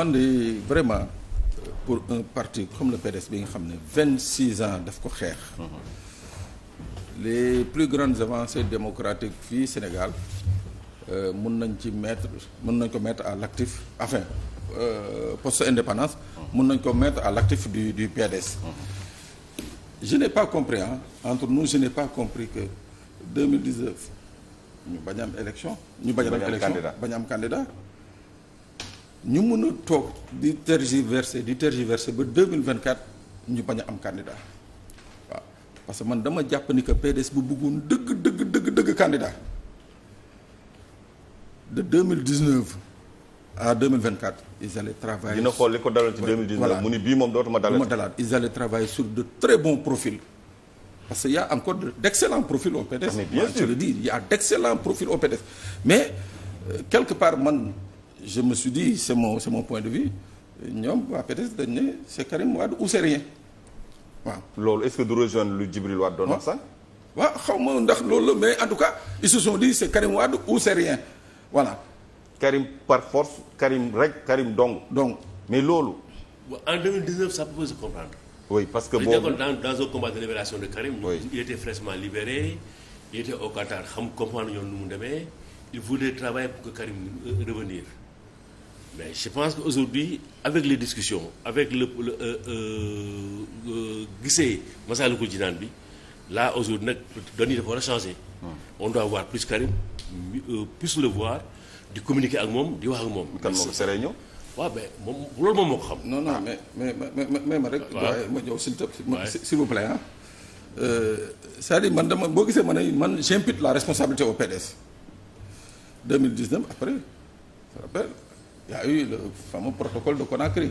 man de vraiment euh, pour un parti comme le PDS bi nga xam ne vingt six ans daf ko xeex les plus grandes avancées démocratiques fii Sénégal euh, mun nañ ci mettre mun nañ ko mettre à l'actif enfin euh, post indépendance mun nañ ko mettre à l'actif du du PDS je n'ai pas compris hein, entre nous je n'ai pas compris que 2019 ñu bañ am élection ñu bañ am élection bañ am candidat ñu mën a toog di tergiverser di tergiverser ba deux mille vingt quatre ñu bañ a am candidat waaw parce que man dama jàpp ni que PDS bu bëggoon dëgg dëgg dëgg dëgg candidat de deux mille dix neuf à deux mille vingt quatre ils allaient travailler. dina xool li ko dalal ci deux mille dix neuf mu ni bii moom dootuma dalal. dalaat ils allaient travailler sur de très bons profils. parce que y' a encore d' excellents profils au PDS. Ah, bien sûr je le dis y' a d' excellents profils au PDS mais euh, quelque part man. je me suis dit c'est mon c'est mon point de vue ñoom waa PDS dañ ne c'est Karim Wade ou c'est rien loolu est-ce que du rejoindre lu Djibril Wade doon wax sax. waa xaw ma ndax loolu la mais en tout cas ils se sont dit c'est Karim Wade ou c'est rien Karim par force Karim rek Karim dong. donc mais loolu. en 2019 ça peut se comprendre. oui parce que boobu dans dans un combat de de Karim. il était fraîchement libéré il était au xam comprendre ñoom nu mu demee il voulait travailler pour que Karim euh, revenir mais je pense que aujourd'hui avec les discussions avec le euh, euh, euh, gisee Massalikul Jinaan bi là aujourd'hui nag doon yi dafa war a changer on plus Karim plus le voir di communiquer ak moom di wax ak moom kan moom seree ñëw waaw mais moom loolu moom moo ko xam non non ah. mais mais mais ma rek waaye ma jow s'il te plaît s'il vous plaît ah c'est-à-dire man dama boo gisee man ne man j'impute la responsabilité au PDS 2019 après je a ah eu le fameux protocole de Conakry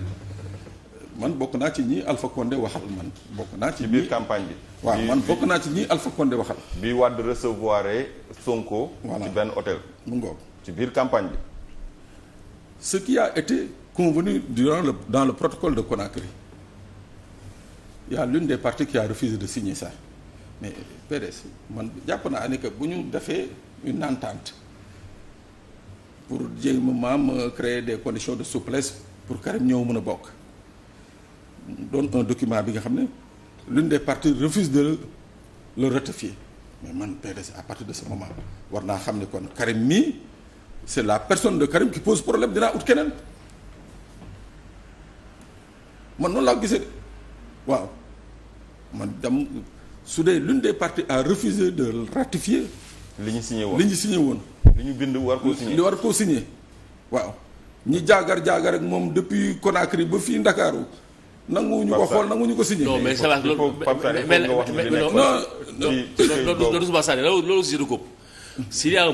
man bokk naa ci ñi Alpha Condé waxal man bokk naa ci. biir campagne bi. waaw man bokk naa ci ñi Alpha Condé waxal. bi Wade recevoir Sonko. voilà ci benn hôtel. mu ci biir campagne bi. ce qui a été convenu durant le dans le protocole de Conakry il y a l'une des parties qui a refusé de signer sax mais PDS man jàpp naa ne que bu ñu defee une pour jéem maam euh, créer des conditions de souplesse pour Karim ñëw mën a bokk doon un document bi nga xam ne lu l'une des parties refuse de le ratifier mais man PDS à partir de ce moment war naa xam ne kon Karim mii c'est la personne de Karim qui pose problème dinaa ut keneen man noonu laa gisee waaw man dam su dee lu l'une dee parties à refusé de ratifier li ñu signé woon li ñu signé woon li ñu bind war koo signé li waaw ñi jaagar jaagar ak moom depuis Conakry ba fii Ndakaaru nanguwuñu ko xool ñu ko signé. non mais ça va loolu mais non non loolu loolu loolu aussi je si s'il y a un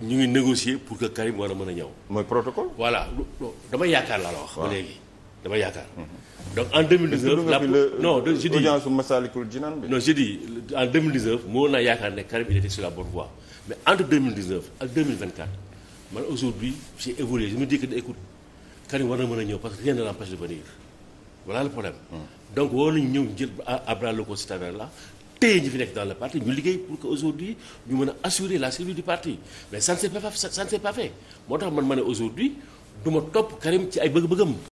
ñu ngi négocier pour que Karim war a mën a ñëw. mooy protocole. voilà dama yaakaar laa la wax. ba léegi dama yaakaar. Mhm. donc en 2019. la non je dis audience Massalikul Jinaan bi. non je dis en moo naa yaakaar ne Karim il était sur la bonne voie mais entre 2019 ak 2024 man aujourd'hui j'ai évolué je me dis écoute Karim war na mën a ñëw parce que rien ne l'empêche de venir voilà le problème. Mhm. donc waroon nañu ñëw jël à à téye ñi fi nekk dans le parti ñu liggéey pour que aujourd'hui ñu mën a assurer la survie du parti mais ça ne s'est pas moo tax man ma ne aujourd'hui du ma topp Karim ci ay bëgg-bëggam